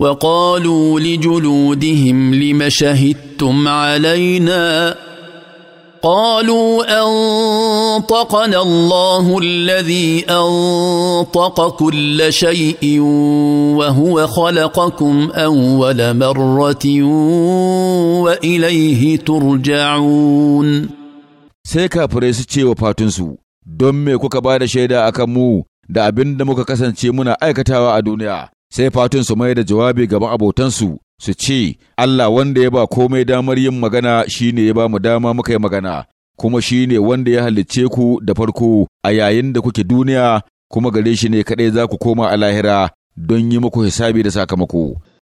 وقالوا لجلودهم لم شهدتم علينا قالوا انطقنا الله الذي انطق كل شيء وهو خلقكم اول مره واليه ترجعون sai kafirai su ce wa fatunsu don me kuka ba da shaida akan mu da abin da muka kasance muna aikatawa a duniya sai fatun su mai da jawabi gaba abotansu su ce, Allah wanda ya ba komai damar yin magana shi ne ya ba mu dama muka yi magana, kuma shi ne wanda ya halicce ku da farko a yayin da kuke duniya, kuma gare shi ne kaɗai za ku koma a lahira don yi muku hisabi da sakamako.